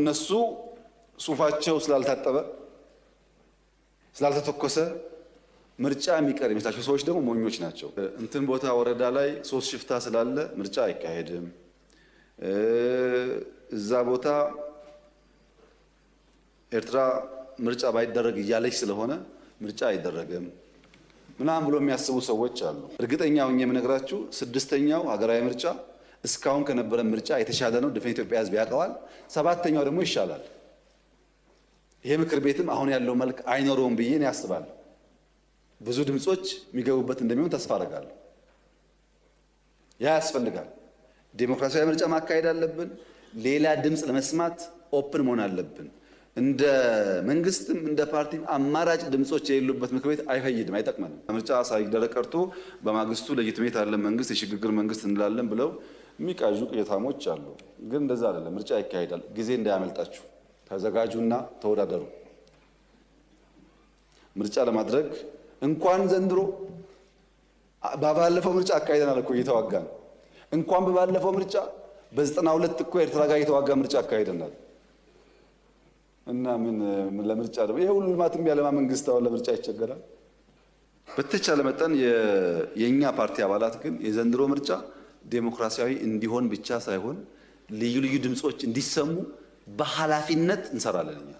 እነሱ ሱፋቸው ስላልታጠበ ስላልተተኮሰ ምርጫ የሚቀር ይመስላቸው ሰዎች ደግሞ ሞኞች ናቸው። እንትን ቦታ ወረዳ ላይ ሶስት ሽፍታ ስላለ ምርጫ አይካሄድም፣ እዛ ቦታ ኤርትራ ምርጫ ባይደረግ እያለች ስለሆነ ምርጫ አይደረግም ምናምን ብሎ የሚያስቡ ሰዎች አሉ። እርግጠኛ ሆኜ የምነግራችሁ ስድስተኛው ሀገራዊ ምርጫ እስካሁን ከነበረ ምርጫ የተሻለ ነው። ድፍን ኢትዮጵያ ሕዝብ ያውቀዋል። ሰባተኛው ደግሞ ይሻላል። ይሄ ምክር ቤትም አሁን ያለው መልክ አይኖረውም ብዬ ነው ያስባለሁ። ብዙ ድምጾች የሚገቡበት እንደሚሆን ተስፋ አደርጋለሁ። ያ ያስፈልጋል። ዴሞክራሲያዊ ምርጫ ማካሄድ አለብን። ሌላ ድምፅ ለመስማት ኦፕን መሆን አለብን። እንደ መንግስትም እንደ ፓርቲም አማራጭ ድምጾች የሌሉበት ምክር ቤት አይፈይድም፣ አይጠቅመንም። ምርጫ ሳይደረግ ቀርቶ በማግስቱ ለጅትሜት አለን መንግስት የሽግግር መንግስት እንላለን ብለው የሚቃዡ ቅዠታሞች አሉ። ግን እንደዛ አይደለም። ምርጫ ይካሄዳል። ጊዜ እንዳያመልጣችሁ ተዘጋጁና ተወዳደሩ። ምርጫ ለማድረግ እንኳን ዘንድሮ በባለፈው ምርጫ አካሄደናል እኮ እየተዋጋን እንኳን በባለፈው ምርጫ በዘጠና ሁለት እኮ ኤርትራ ጋር እየተዋጋ ምርጫ አካሄደናል እና ምን ለምርጫ ደግሞ ይሄ ሁሉ ልማትም ያለማ መንግስት አሁን ለምርጫ ይቸገራል። በተቻለ መጠን የእኛ ፓርቲ አባላት ግን የዘንድሮ ምርጫ ዴሞክራሲያዊ እንዲሆን ብቻ ሳይሆን ልዩ ልዩ ድምፆች እንዲሰሙ በኃላፊነት እንሰራለን። እኛ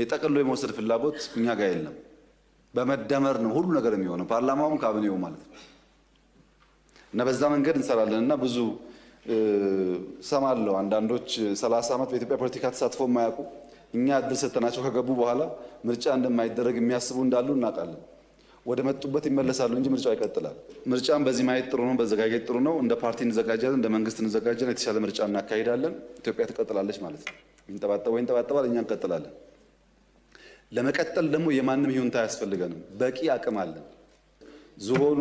የጠቅሎ የመውሰድ ፍላጎት እኛ ጋር የለም። በመደመር ነው ሁሉ ነገር የሚሆነው ፓርላማውም ካቢኔው ማለት ነው። እና በዛ መንገድ እንሰራለን እና ብዙ ሰማለው አንዳንዶች ሰላሳ ዓመት በኢትዮጵያ ፖለቲካ ተሳትፎ የማያውቁ እኛ እድል ሰጥተናቸው ከገቡ በኋላ ምርጫ እንደማይደረግ የሚያስቡ እንዳሉ እናውቃለን። ወደ መጡበት ይመለሳሉ እንጂ ምርጫው ይቀጥላል። ምርጫን በዚህ ማየት ጥሩ ነው፣ መዘጋጀት ጥሩ ነው። እንደ ፓርቲ እንዘጋጃለን፣ እንደ መንግስት እንዘጋጃለን፣ የተሻለ ምርጫ እናካሂዳለን። ኢትዮጵያ ትቀጥላለች ማለት ነው። ወይ ይንጠባጠባል፣ እኛ እንቀጥላለን። ለመቀጠል ደግሞ የማንም ይሁንታ አያስፈልገንም። በቂ አቅም አለን። ዝሆኑ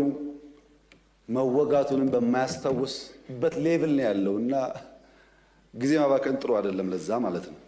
መወጋቱንም በማያስታውስበት ሌቭል ነው ያለው እና ጊዜ ማባከን ጥሩ አይደለም። ለዛ ማለት ነው